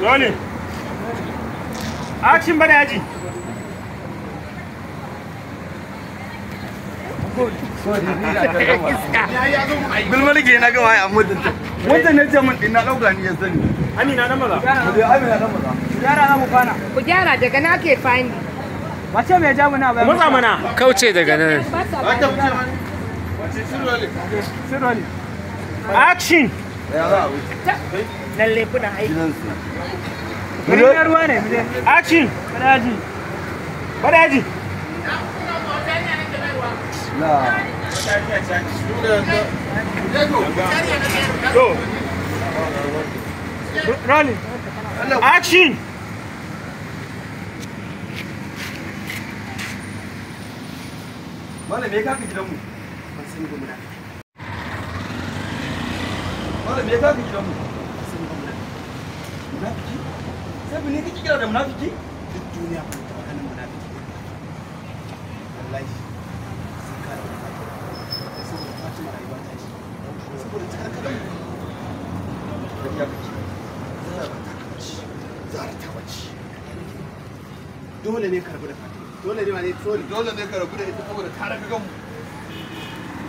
Dole. Action Badaji. Bilmali ke na gama a mutunta. Wanda na ce mun na dauka ni yanzu sani. Amina na maza. Amina na maza. Gyara na mu kana. Ku gyara daga na ke fine. Wace mai jamu na bayan. Maza mana. Kauce daga nan. Wace siroli. Siroli. Action. Ya za a wuce. lalle kuna aiki miliyan ruwa ne miliyan action badaji badaji Go. Rolling. Action. Malam me ka gidanmu? Malam me ka gidanmu? Sabi ne kake kira da munafiki? Duk duniya ba ta kanin munafiki. Wallahi. Sun kare da ta. Saboda Fatima rayuwa ta ce. Saboda ta karkata. Kariya kake. Zara ta kaci. Zara ta wace. Dole ne karbi da Fatima. Dole ne ma ne tsoli. Dole ne karbi da ita saboda ta raka ganmu.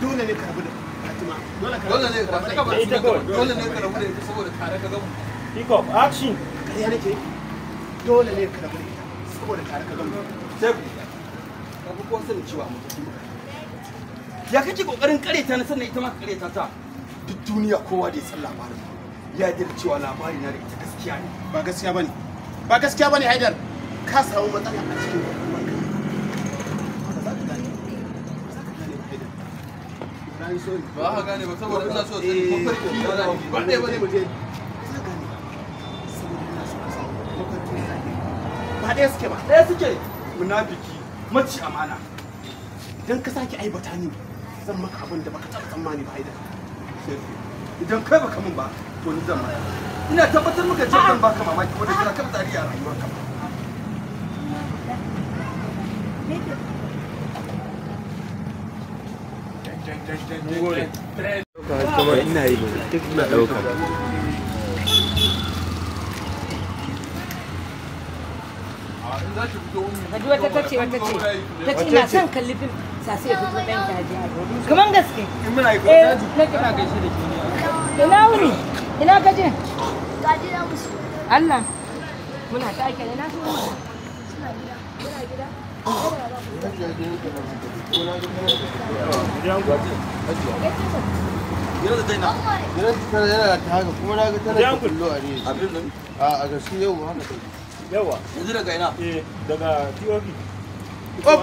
Dole ne karbi da Fatima. Dole ne karbi da ita saboda ta raka ganmu. Pick up action. Kariya nake. dole ne ka rabu da saboda tare ka zama sai ku ka fi kowa sanin cewa mutum ya kake kokarin kareta na sannan ita ma kare ta duk duniya kowa da ya san labarin ya yi da cewa labari na da ita gaskiya ne ba gaskiya bane ba gaskiya bane haidar ka samu matsala a cikin ka ba ka gane ba saboda ina so sai ko eh, farko ba ne ba ne ba ɗaya suke ba ɗaya suke munafiki maci amana idan ka sake aibata ni zan maka abin da baka taɓa tsammani ba idan idan kai baka min ba to ni zan maka ina tabbatar maka cewa zan baka mamaki wanda kira kan tsari a rayuwarka Ina yi ba, duk na ɗauka. Kaji wata ta ce wata ce ta ce na son kalli fim ya fito ɗan kaji kaman gaske. muna yi gaishe da ke Ina wuni ina Allah muna ta Ina Suna gida muna gida. na. na da a yau yawa yanzu daga ina eh daga op oh!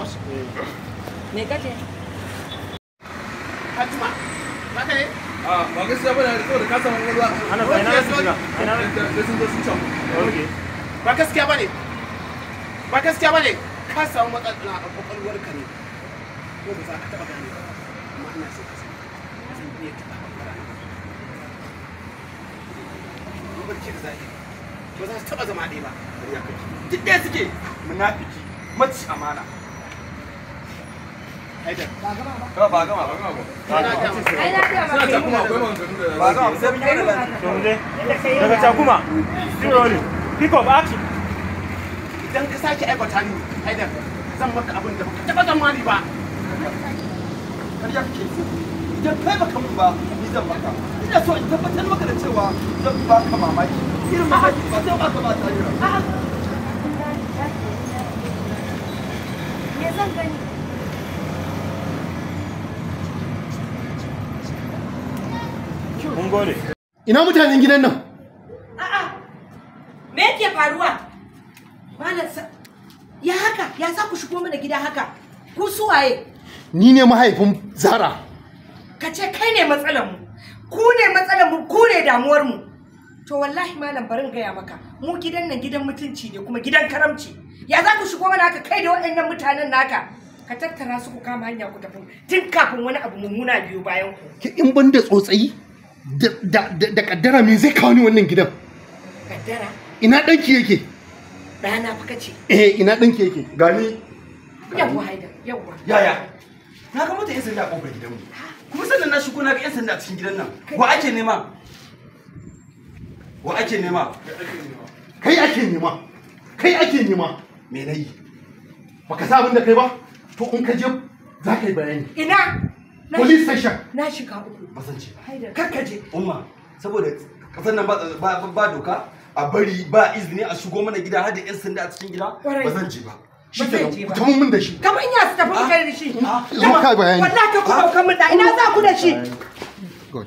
eh. ah, ba ka a ba ba da da ruwa ana ba ina ina ina da sun zo sun okay ba gaskiya bane ba gaskiya bane ka samu matsala a kwakwalwarka ne ko ba za ka taba gane ba amma ina so ka san zan iya ba da ba za su taɓa zama ɗaya ba duk ɗaya suke munafiki mace amana ba ba ba daga cakuma pick up action idan ka sake aikata ni haidar zan maka abin da baka ba ƙarya idan kai baka mun ba ni zan maka ina so in tabbatar maka da cewa zan mamaki irin mahaji ba sai ba ka ba Ina mutanen gidan nan? A'a. Me yake faruwa? Malam ya haka, ya sa ku shigo mana gida haka. Ku suwaye? Ni ne mahaifin Zara. Ka ce kai ne matsalar mu. Ku ne matsalar mu, ku ne damuwar mu. to wallahi malam barin gaya maka mu gidan nan gidan mutunci ne kuma gidan karamci ya za ku shigo mana ka kai da waɗannan mutanen naka ka tattara su ku kama hanya ku tafi tun kafin wani abu mummuna biyo bayan ku in ban da tsotsayi da kaddara me zai kawo ni wannan gidan kaddara ina danki yake dana fa kace eh ina danki yake gani yawwa haidar yawwa yaya na ga mota yan sanda a gidan mu kuma sannan na shigo na ga yan sanda a cikin gidan nan wa ake nema wa ake nema kai ake nema kai ake nema me nayi baka sa abin da kai ba to in ka je za ka yi bayani ina police station na shiga uku ba kar ka je umma saboda kasar nan ba doka a bari ba izini a shigo mana gida har da yan sanda a cikin gida ba zan je ba shi ke da shi kamar ya su tafi kai ah, da shi zo ah, ka bayani wallahi ka ku dauka ah. da ina za ku da shi God.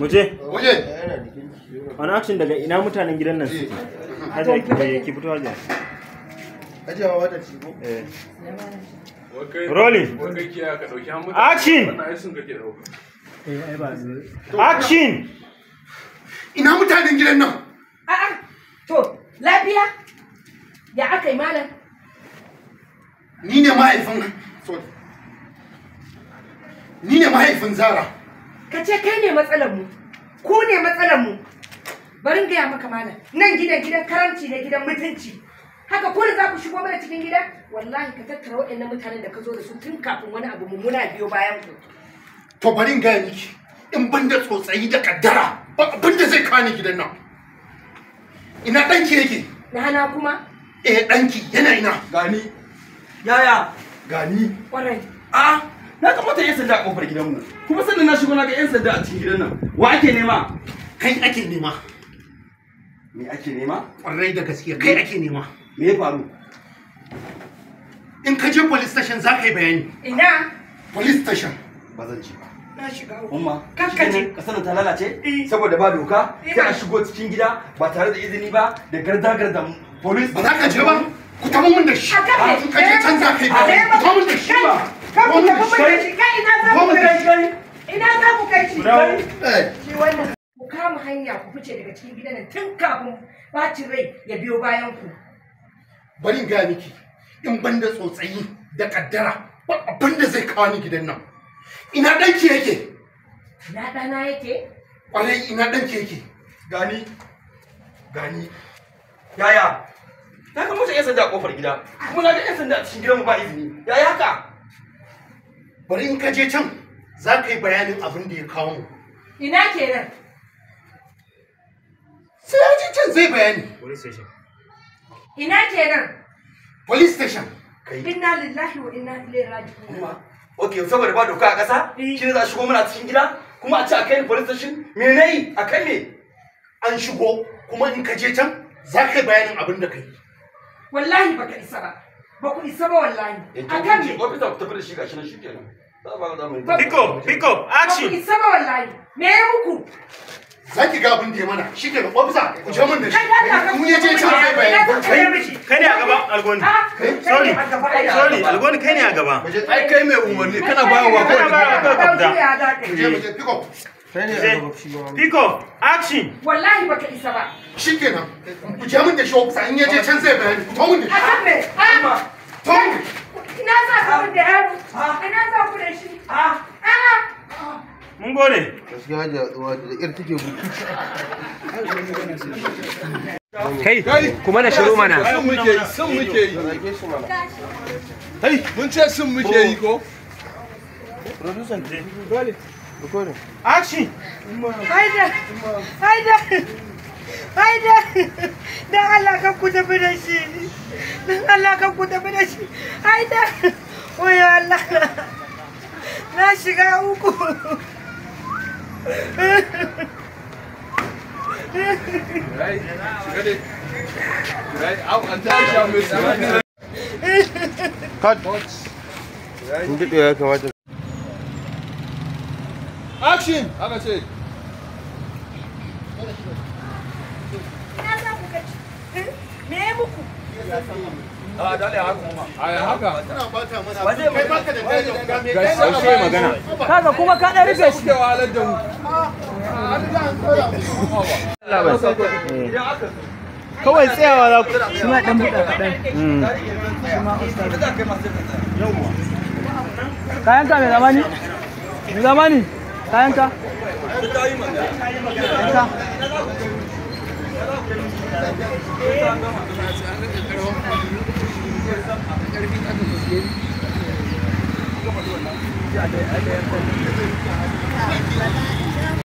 muje muje wani action daga ina mutanen gidan nan suke hajiya ki bayyana ki fito hajiya hajiya wa wata ci ko eh rolling action action ina mutanen gidan nan a'a to lafiya ya aka yi malam ni ne ma'aifin sorry ni ne mahaifin zara ka ce kai ne matsalar mu ku ne matsalar mu bari gaya maka malam nan gidan gidan karanci ne gidan mutunci haka ko da za ku shigo mana cikin gida wallahi ka tattara waɗannan mutanen da ka zo da su tun kafin wani abu mummuna biyo bayan ku to bari in gaya miki in ban da tsotsayi da kaddara ba abin da zai kani gidan nan ina ɗanki yake rana kuma eh ɗanki yana ina gani yaya gani ƙwarai a ah! na kamata yan sanda a kofar gidanmu kuma sannan na shigo na ga yan sanda a cikin gidan nan wa ake nema kai ake nema me ake nema kwarai da gaske kai ake nema me ya faru in ka je police station za ka yi bayani ina police station ba zan je ba na shiga umma ka sanin ta lalace eh. saboda ba doka eh, sai a shigo cikin gida ba tare da izini ba da garda garda police ba za ka je ba ku tamu mun da shi ka je can za ka yi bayani ku tamu mun da shi ba kan ku da shi kai ina za ku kai shi ina za ku kai shi shi wannan kama hanya ku fice daga cikin gidan nan tun kafin bacin rai ya biyo bayan ku bari in gaya miki in ban da tsotsayi da kaddara ba abin da zai kawo ni gidan nan ina danki yake na ɗana yake ƙwarai ina danki yake gani gani yaya na ga 'yan sanda a kofar gida kuma na ga 'yan sanda a cikin gidanmu ba izini yaya haka bari in kaje can za ka yi bayanin abin da ya kawo mu ina kenan sai ya ji can zai bayani police station ina kenan police station kai inna lillahi wa inna ilaihi raji'un kuma okay saboda ba doka a kasa eh. shi za a shigo mana cikin gida kuma a ce a kai ni police station me ne yi a kai ne an shigo kuma in ka je can za ka yi bayanin abin da kai wallahi baka isa ba ba ku isa ba a kan ne ofisa ku tafi da shi gashi nan shi kenan pick up pick up action ba ku isa ba wallahi me ya zaki mun sorry sorry algoni kai ne a gaba ai kai mai umarni kana ba wa ko da ku je mu je pick up Piko, action! Wallahi baka isa ba. Shikenan, ku gode gaskiya da da kai kuma na shiru mana sun muke yi sun muke yi kai mun ce sun muke yi ko producer dole recording action haida haida haida dan Allah ku tafi da shi dan Allah kan ku tafi da shi haida oyo Allah na shiga uku right? Ready? Right? Out and down, Mr. Cut. Right? Action! Have Ah, a dole magana kuma ka dan rufe shi kawai tsayawa za ku shi ma kaɗan kayan hmm. ka mai zamani mai zamani kayan ka kayan ka Thank y i u